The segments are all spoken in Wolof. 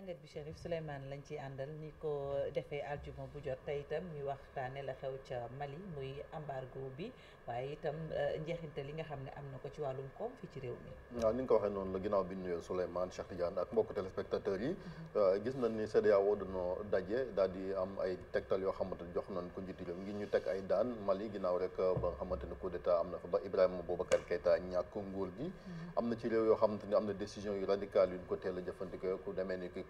jàngat bi Chérif Souleymane lañ ci àndal ni ko defee aljuma bu jot tey itam ñu waxtaane la xew ca Mali muy embargo bi waaye itam euh, njeexintal li nga xam ne am na ko ci wàllum koom fii ci réew mi. waaw ni ko waxee noonu la ginnaaw bi nuyoo Souleymane Cheikh Tidiane ak mbokk téléspectateurs yi. Mm-hmm. Euh, gis nañ ni CEDEAO dañoo daje daal am ay tegtal yoo xamante ne jox nañ ko njiitu réew ngir ñu teg ay daan Mali ginnaaw rek euh, ba nga xamante ne coup am na fa ba Ibrahima Boubacar Keïta ñàkk nguur gi. Mm-hmm. am na ci réew a jëfandikoo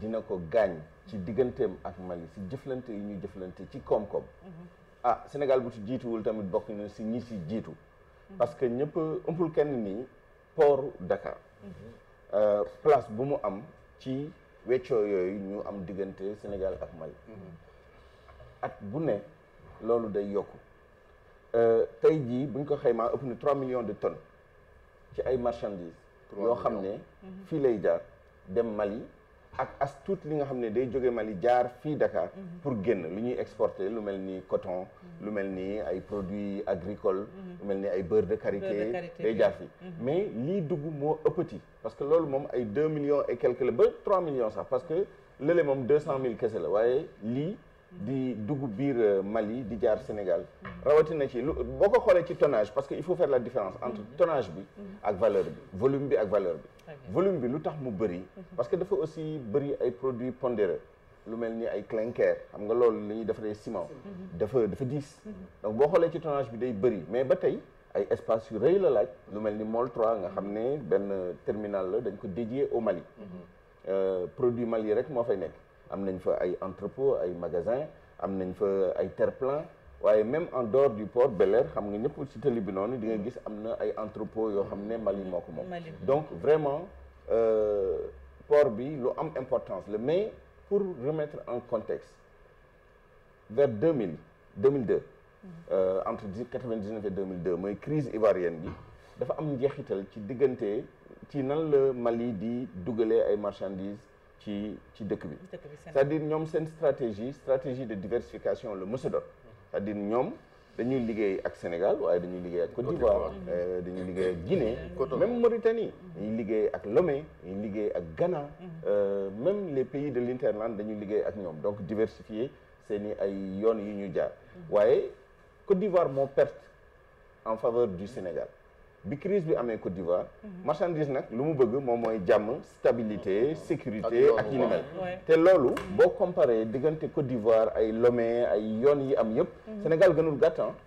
dina ko gaañ ci digganteem ak Mali si jëflante yi ñu jëflante ci koom-koom mm-hmm. ah Sénégal bu ci jiituwul tamit bokk na si ñi si jiitu mm-hmm. parce que ñëpp ëmpul kenn nii port Dakar mm-hmm. euh, place bu mu am ci weccoo yooyu ñu am diggante Sénégal ak Mali at bu ne loolu day yokku euh, tey jii buñ ko xaymaa ëpp na trois millions de tonnes ci ay marchandises yoo xam ne fii lay jaar dem Mali Et tout ce que vous savez, c'est Mali Diar, fille Dakar, mm -hmm. pour gagner. Nous avons exporté le coton, mhm. le produits agricoles, mhm. le mm beurre de karité. Mhm. Mais ce qui est un petit, parce que c'est 2 millions et quelques, 3 millions, ça, parce que c'est 200 000 c'est di dugg biir euh, Mali di Jar Sénégal rawatina ci lu boo ko ci tonnage parce que il faut faire la différence entre mhm. tonnage bi mhm. ak valeur bi volume bi ak valeur bi volume bi lu mou mu mhm. parce que dafa aussi bëri ay produits pondéreux lu mel ni ay clinker xam nga loolu li ñuy defaree ciment dafa dafa diis donc beaucoup xoolee ci tonnage bi day bëri mais bataille, ay espace yu rëy la laaj lu mel ni Môle 3 nga xam ben terminal la dañ ko dédié au Mali euh, produit Mali rek mo fay nek. Il y a ay entrepôt un magasin am nañ fa même en dehors du port Bel Air xam nga ñëpp ci il bi entrepôts di entrepôt Mali donc vraiment euh, port bi important. importance mais pour remettre en contexte vers 2000 2002 euh, entre 1999 et 2002 une crise ivoirienne il y a qui ci qui ci nan le Mali di dugalee les marchandises ci ci dëkk bi c'est-à-dire ñoom seen stratégie stratégie de diversification le mësa c'est-à-dire ñoom dañuy liggéey ak Sénégal waaye dañuy liggéey ak Côte d'Ivoire euh, dañuy liggéey ak Guinée même Mauritanie dañuy liggéey ak Lomé dañuy liggéey ak Ghana mhm. euh, même les pays de l'interland dañuy liggéey ak ñoom donc diversifier c'est une ay yon yu ñu jaar mhm. waaye Côte d'Ivoire mon perte en faveur du Sénégal bi crise bi amee Côte d'Ivoire marchandise nag lu mu bëgg moom mooy stabilité sécurité ak yi ni mel te loolu boo comparé diggante Côte d'Ivoire ay Lomé ay yoon yi am yëpp mhm. Sénégal gënul gàttan hein.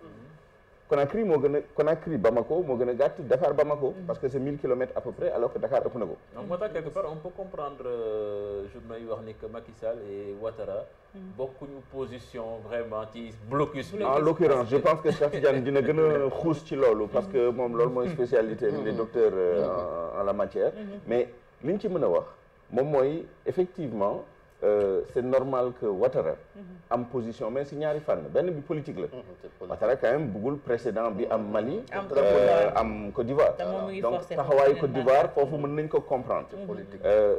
Conakry a Conakry Bamako moo a gàtt Dakar Bamako. Mhm. parce que c'est 1000 km à peu près alors que Dakar ëpp na donc moo quelque part on peut comprendre euh, journal yi wax ni que Macky Sall et Ouattara. Mhm. beaucoup de position vraiment ils bloquent. en l'occurrence je pense que Cheikh Tidiane dina gën a xuus ci parce que mon lolu mooy spécialité il mhm. est docteur euh, en la matière. mais ce ci je wax effectivement. Euh, c'est normal que Ouattara une mhm. position mais c'est une fan, ben, bi politique la. Mhm, Ouattara quand même le précédent bi am Mali. am euh, Côte d'Ivoire donc taxawaayu Côte d'Ivoire foofu mën nañ ko comprendre. vous mhm. euh,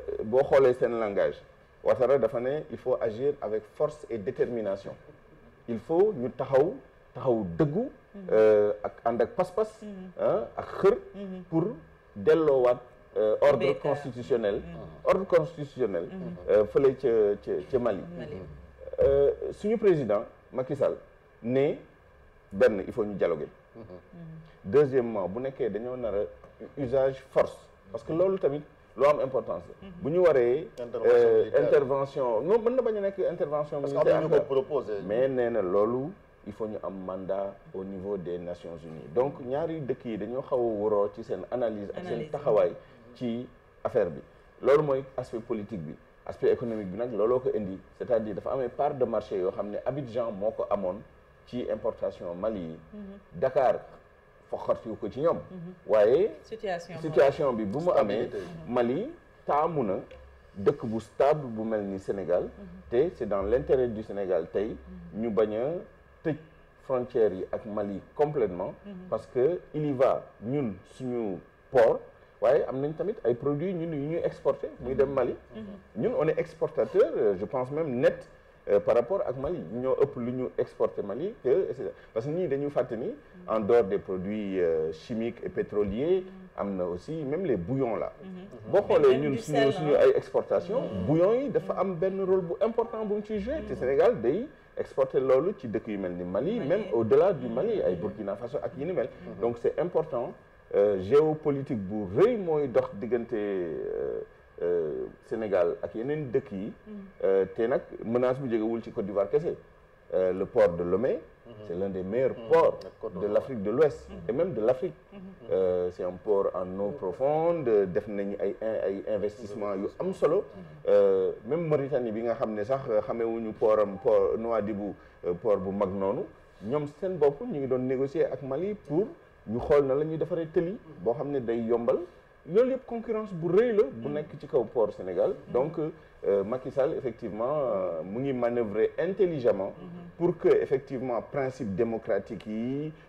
xoolee seen langage. Ouattara dafa dit il faut agir avec force et détermination il faut ñu taxaw taxaw dëggu. ak ànd ak pas-pas. Hein, ak pour delloowaat. Euh, mm. Mm. ordre constitutionnel ordre mm. euh, constitutionnel fële ca ca ca Mali euh, suñu président Macky Sall né ben, il faut ñu dialoguer deuxièmement bu nekkee dañoo nar a usage force parce que loolu tamit loo am importance bu ñu waree intervention non mën na bañ a nekk intervention militaire ko proposer. mais nee na il faut ñu am mandat au niveau des Nations Unies donc ñaari dëkk yi dañoo xaw a waroo ci seen analyse ak seen taxawaay ci affaire bi lolu moy aspect politique bi aspect économique bi nak lolo ko indi c'est-à-dire dafa amé part de marché yo xamné habitants Abidjan moo ko ci importation Mali yi mhm. Dakar fi ko ci ñoom mhm. wayé situation bi bu mu amee mhm. Mali ta na dëkk bu stable bu mel Sénégal Té, c'est dans l'intérêt du Sénégal tay ñu baña a frontière yi ak Mali complètement parce que il y va ñun suñu port oui, am nañ tamit produits que nous exportons, nous sommes Mali mhm. Nous on est exportateur euh, je pense même net euh, par rapport à Mali Nous exportons lu Mali parce que nous, dañu fàtte ni mhm. en dehors des produits euh, chimiques et pétroliers mhm. am aussi même les bouillons là nous avons ñun suñu hein. exportation bouillons yi dafa am rôle important bu jouer. ciy joué Sénégal day exporter le Mali même au delà du Mali ay Burkina Faso ak yi donc c'est important euh, géopolitique bu reuy moy dox diggante euh, euh, Sénégal ak yeneen dëkk yi. Mm. té nak menace bu jógewul ci Côte d'Ivoire kese. le port de Lomé. Mm-hmm. c'est l'un des meilleurs mm-hmm. ports de l'Afrique de l'Ouest mm-hmm. et même de l'Afrique c'est un port en eau profonde def nañ ay ay investissement yu am solo même Mauritanie bi nga xamné ne sax xamewuñu portam port Noadibou port bu mag nonu ñom sen bop ñi ngi doon négocier ak Mali pour nous avons na des télé, nous avons fait des day yombal loolu concurrence bu rëy la bu mm. nekk ci kaw port Sénégal mm. donc euh, Macky Sall effectivement euh, mu ngi manœuvrer intelligemment mm-hmm. pour que effectivement principe démocratique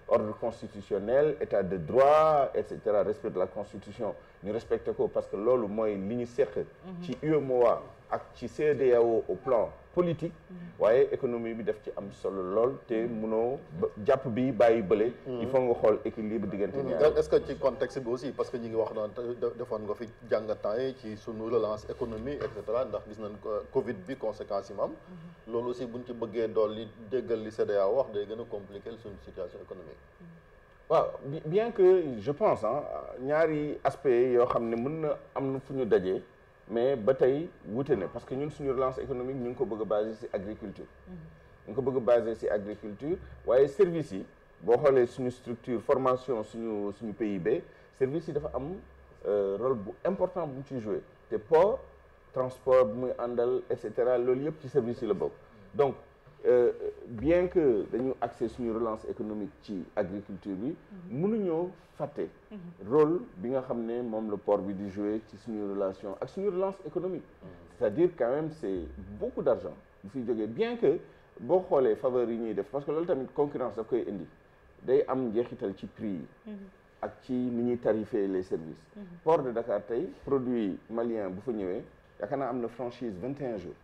ordre constitutionnel état de droit etc., respect de la constitution nous respecté ko parce que loolu mooy qui ñu seq mm-hmm. ci UEMOA CEDEAO au plan politique mm-hmm. waye économie bi daf ci am solo lol té mëno mm-hmm. japp bi bàyyi beulé il faut nga xol équilibre diggante mm-hmm. ñaar. est-ce que ci contexte bi aussi parce que ñi ngi wax non defoon nga fi jangata yi ci sunu relance économie et cetera ndax gis nañ Covid bi conséquences yi lolu aussi buñ ci bëggé dool li déggal li CEDEA wax day gëna compliquer suñu situation économique. waaw bien que je pense ah ñaari aspect yo xamné mëna am na fu ñu mais bataille wouté wute parce que ñun suñu relance économique nous sommes ko bëgg l'agriculture. Nous sommes agriculture. sur mhm. l'agriculture. ko bëgg services, si agriculture waaye services yi bo formation suñu structure formation suñu suñu PIB services yi dafa am euh, rôle important bu jouer. Les ports, les port transport bu muy andal et cetera ci services yi la donc. Euh, bien que nous accès une relance économique ci agriculture bi mhm. mënuñoo le mhm. rôle bi nga xamné mom le port bi di jouer ci relation ak une relance économique mhm. c'est-à-dire quand même c'est beaucoup d'argent bien que nous xolé faveur yi def parce que lolu tamit concurrence daf koy indi day am ci prix et ak ci ni les services port de Dakar tay produit malien bu fa a une franchise 21 jours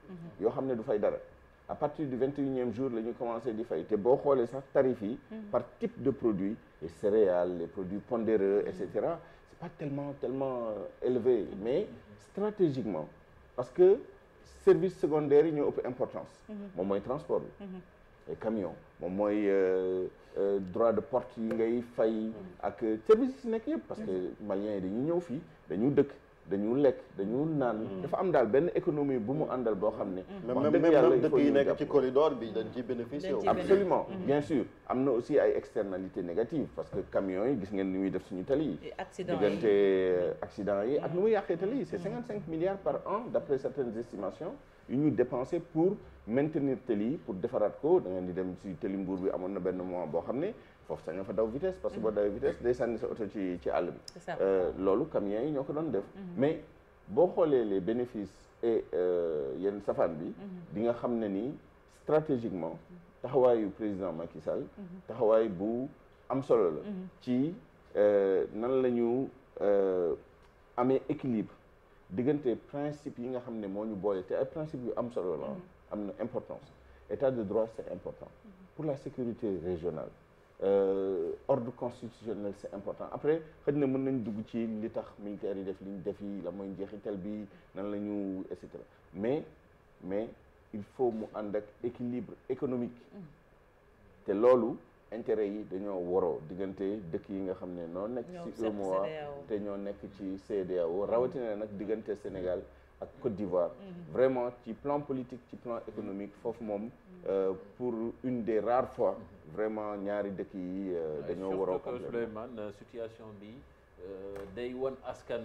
yo xamné du fay dara à partir du 21e jour nous ñu commencé di des te les les sax mm-hmm. par type de produit les céréales les produits pondéreux etc. Ce c'est pas tellement tellement euh, élevé mm-hmm. mais stratégiquement parce que service secondaire secondaires ont une importance Les mm-hmm. transports, transport les camions, camion euh, euh, droit de porte les ngay fay parce que maliens yi sont là, ils sont dëkk dañu lek dañu nan hmm. dafa am dal ben économie bu mu andal hmm. bo xamné hmm. même même dëkk yi nekk ci corridor bi dañ ci bénéficier absolument bien sûr am aussi ay externalités négatives parce que camion yi gis ngeen ni muy def suñu tali accident yi euh, accident yi ak nu muy yàqee tali 55 milliards par an d'après certaines estimations yu ñu dépenser pour maintenir tali pour defaraat ko da ngeen di dem ci tali Mbour bi amon na ben moment bo xamné foofu sax fa daw vitesse parce que mhm. vitesse ci ci euh, mhm. mais les bénéfices et euh, yeen bi mhm. di stratégiquement taxawayu président Macky Sall bu am solo la ci euh, équilibre principe yi nga principe yu importance état de droit c'est important pour la sécurité régionale Euh, ordre constitutionnel c'est important après xëy na mën nañ dugg ci li tax militaires yi def li ñu def yi la mooy njeexital bi nan la ñu et mais mais il faut mu ànd ak équilibre économique mm. te loolu intérêt yi dañoo waroo diggante dëkk yi nga xam ne noo nekk ci UEMOA te ñoo nekk ci CEDEAO rawatina nag diggante Sénégal à Côte d'Ivoire. Mhm. vraiment le plan politique le plan économique mhm. foofu euh, pour une des rares fois. Mhm. vraiment ñaari dëkk yi euh, dañoo Je surtout que la euh, situation bi euh, day won askan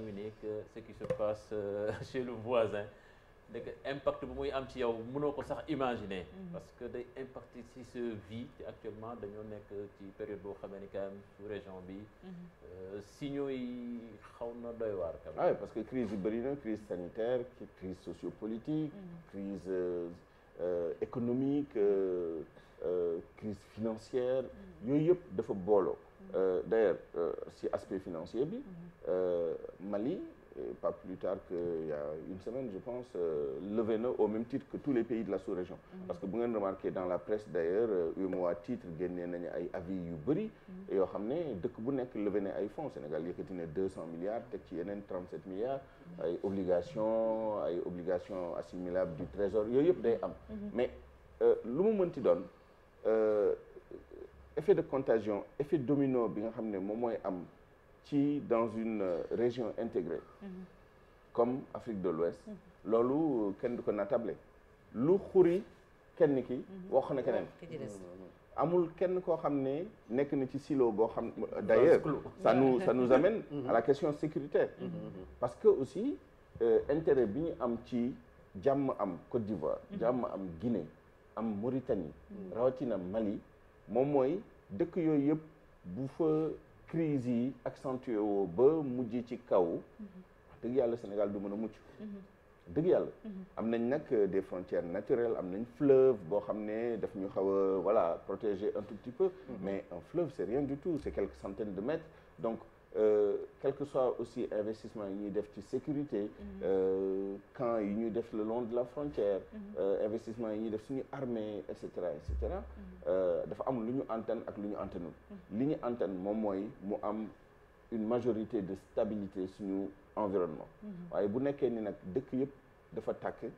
ce qui se passe chez le voisin un impact bu muy am ci yow imaginer. Mm-hmm. parce que l'impact impact ci vit vie actuellement dans nekk ci période boo xamee ni quand sous région bi. Mm-hmm. Euh, signaux qui sont doy ah Oui, parce que crise yi crise sanitaire crise sociopolitique. Mm-hmm. crise euh, euh, économique crise financière. yooyu yëpp dafa booloo. d'ailleurs si aspect financier bi. Mali pas plus tard qu'il y a une semaine, je pense, euh, levé au même titre que tous les pays de la sous-région. Mm-hmm. Parce que vous avez remarqué dans la presse d'ailleurs, eu moi titre, y ay avis yu et vous savez, que le nek au ay fonds Sénégal yëkëti na 200 milliards tek a yenen 37 milliards mm-hmm. ay obligations ay obligations assimilables du trésor a day am. Mm-hmm. Mais euh, le moment qui donne, euh effet de contagion, effet domino bi nga xamné mom moy am ci dans une euh, région intégrée mhm. comme Afrique de l'Ouest mhm. loolu euh, ken du ko natable lu xuri ken ki mhm. wax kenen. amul ken ko hamne, nek niti na ci silo bo ham euh, d'ailleurs ça nous ça nous amène à la question sécurité, parce que aussi intérêt bi am ci jàmm am Côte d'Ivoire jam am Guinée am Mauritanie rawatina Mali momoy mooy dëkk yooyu bu fa crise accentuée au beau ba mujj ci kaw wax dëgg Sénégal du mën a mucc dëgg des frontières naturelles il y fleuve des fleuves, il faut voilà protéger un tout petit peu mm-hmm. mais un fleuve c'est rien du tout c'est quelques centaines de mètres donc euh, quel que soit aussi investissement yi ñuy def ci sécurité. quand mhm. euh, yi est le long de la frontière. Mhm. Euh, investissement yi est def armée etc., cetera et cetera. Mhm. dafa am antenne ak une antenne, antennul. antenne moom une majorité de stabilité suñu environnement. waaye bu nekkee ni nag dëkk yëpp dafa attaquer.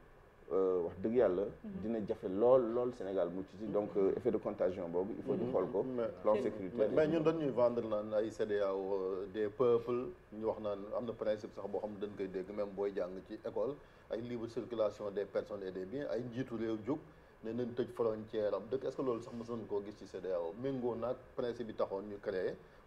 Euh, wax deug yalla mhm. dina jafé lol lol Sénégal mu ci mhm. donc euh, effet de contagion bobu il faut ñu mhm. xol ko plan sécuritaire mais ñun dañuy vendre naan ay CEDEAO euh, des peuples ñu wax naan amna principe sax bo xam dañ koy dégg même boy jang ci école ay libre circulation des personnes et des biens ay njiitu rew juk né nañ tëj frontière am deuk est-ce que loolu sax mos nañ koo gis ci CEDEAO mengo nak principe bi taxone ñu créer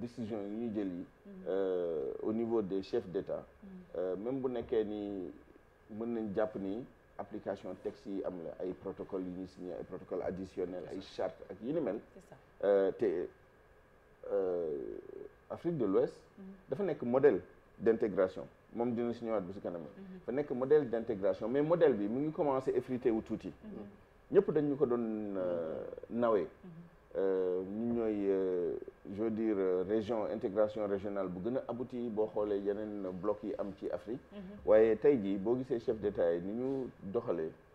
décision yi ñu mhm. euh, au niveau des chefs d'État mhm. euh, même bu nekké ni mën nañ japp ni application texte yi am la ay protocole yu ñu signé ay protocole additionnel ay charte ak ça euh té euh Afrique de l'Ouest mhm. dafa nekk modèle d'intégration mom dina si ñëwaat bu ci kanam fa nekk modèle d'intégration mais modèle bi mu ngi commencé effrité wu tuuti ñëpp dañ ñu ko doon euh, nawee euh, ñu ñooy euh, je veux dire euh, région intégration régionale bu avons abouti boo un bloc yi am ci Afrique Mais mhm. aujourd'hui, jii boo chef d'État nous ni ñu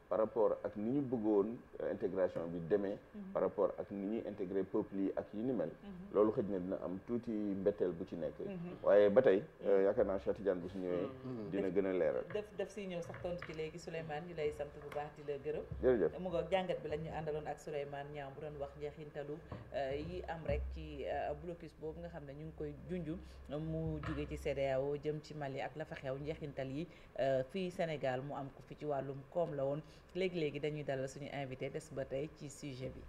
par rapport ak ni ñu bëggoon euh, intégration bi demee mhm. par rapport ak ni ñuy intégré peuple yi ak yu ni mel mhm. loolu xëj na dina am tuuti mbetteel bu ci nekk mhm. waaye ba tey euh, yaakaar naa Cheikh Tidiane bu su ñëwee dina gën a leeral def def si ñëw sax tontu ci léegi Souleymane ñu lay sant bu baax di la gërëm jërëjëf mu ngoog jàngat bi la ñu àndaloon ak Souleymane Niang bu doon wax njeexintalu euh, yi am rek ci blocus boobu nga xam ne ñu ngi koy junj mu jóge ci CEDEAO jëm ci Mali ak la fa xew njeexintal yi fii Sénégal mu am ko fi ci wàllum koom la woon léegi-léegi dañuy dalal suñu invité des ba tey ci sujet bi